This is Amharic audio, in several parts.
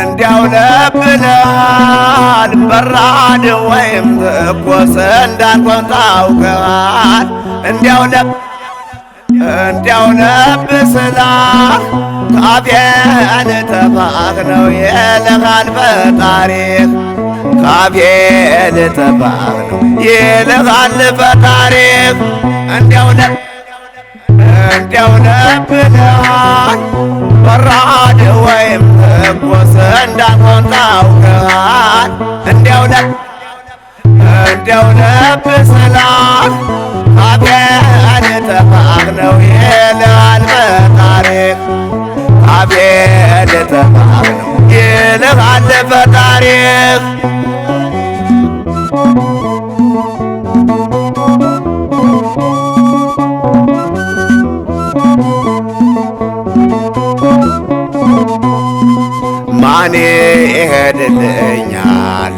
እንዲያው ለብለሃል በራድ ወይም ትኩስ እንዳንቆን ታውቀሃል እንዲያው ለብ እንዲያው ለብ ስላህ ካፌን ተባክነው የልሃል እንዲያው ነብለሃል በራድ ወይም ትኩስ እንዳትሆን ታውቀሃል። እንዲያው ነ እንዲያው ነብስላል አብየን ጥፋቅ ነው ይልሃል በታሪክ አብየን ጥፋቅ ነው ይልሃል በታሪክ እኔ ይሄድልኛል?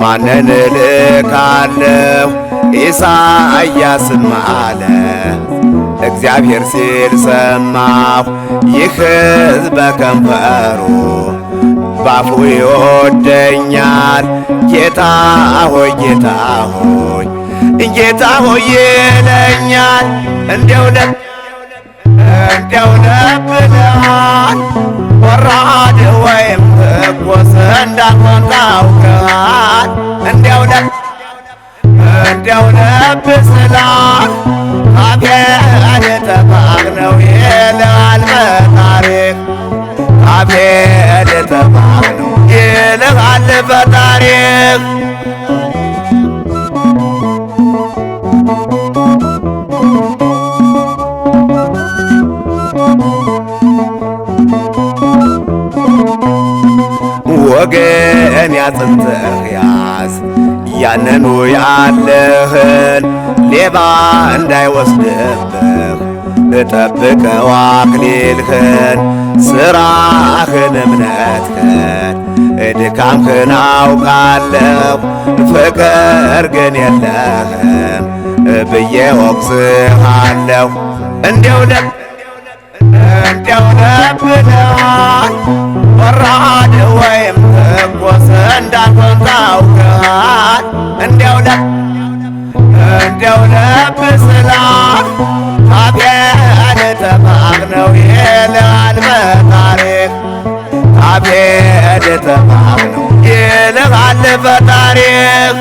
ማንን እልካለሁ? ኢሳያስም አለ እግዚአብሔር ሲል ሰማሁ። ይህ ሕዝብ በከንፈሩ ባፉ ይወደኛል። ጌታ ሆይ ጌታ ሆይ ጌታ ሆይ ይለኛል። እንዲያው ለብ እንዲያው ለብናል ወራድ ወይም ትኩስ እንዳልሆን ታውቃል። እንዲያው ነ እንዲያው ነብ ስላል አብሔር የተፋቅ ነው ይለዋል በታሪክ አብሔር የተፋ ወገን ያጽንተህ ያዝ ያነኑ ያለህን ሌባ እንዳይወስድብህ እጠብቀው አክሊልህን ሥራህን እምነትህን እድካምህን አውቃለሁ ፍቅር ግን የለህም ብዬ ወቅስሃለሁ እንዲው ለብ እንዲው ለብናል ወራድ ወይም ትኩስ እንዳልሆን ታውቀሃል። እንዲያው ለ እንዲያው ታቤን ተማቅነው ይልሃል በታሪክ ታቤን ተማቅነው ይልሃል በታሪክ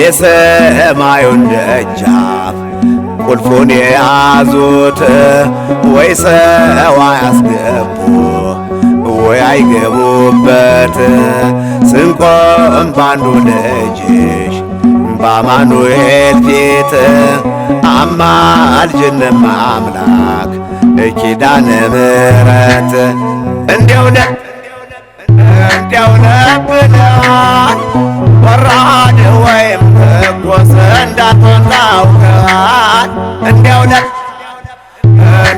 የሰማዩን ደጃፍ ቁልፉን የያዙት ወይ ሰው አያስገቡ ወይ አይገቡበት ስንቆም ባንዱ ደጅሽ በአማኑኤል ፊት አማልጅንም አምላክ ኪዳነ ምሕረት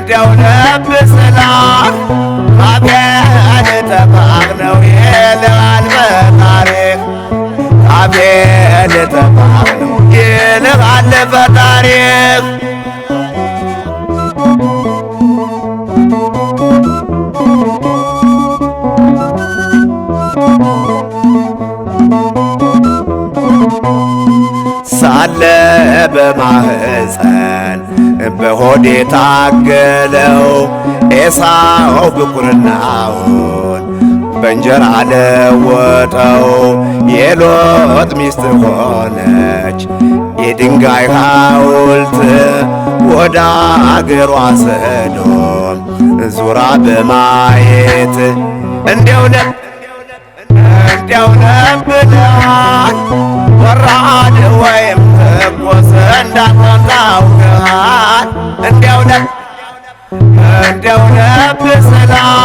ወደው ለብስላም አብያን ተፋቅነው ይልሃል ፈጣሪህ አብያን ተፋቅነው ይልሃል ፈጣሪህ ሳለ በማህፀን በሆዴ ታገለው ኤሳው ብኩርናውን በእንጀራ ለወጠው የሎጥ ሚስት ሆነች የድንጋይ ሐውልት ወደ አገሯ ሰዶም ዙራ በማየት እንዲያው እንዲያው ነብላ ወራድ ወይም እንዳትወጣው እንዲያው ነፍስ እንዲያው ነፍስ ሰላም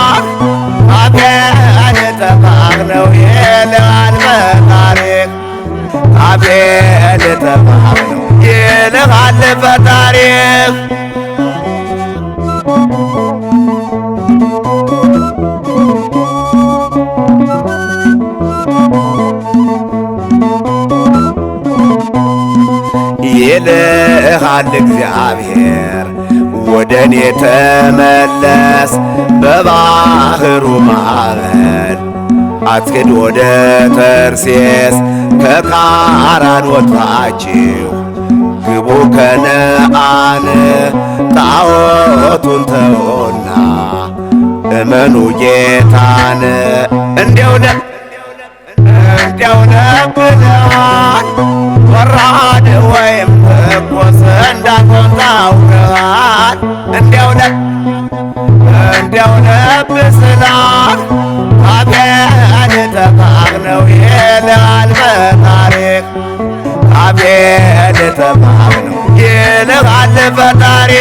እግዚአብሔር ወደ እኔ ተመለስ በባህሩ ማዕበል አትክድ ወደ ተርሴስ ከካራን ወጥታችሁ ግቡ ከነአን ጣዖቱን ተወና እመኑ ጌታን እንዲያውነ እንዲያውነ ፈጣሪ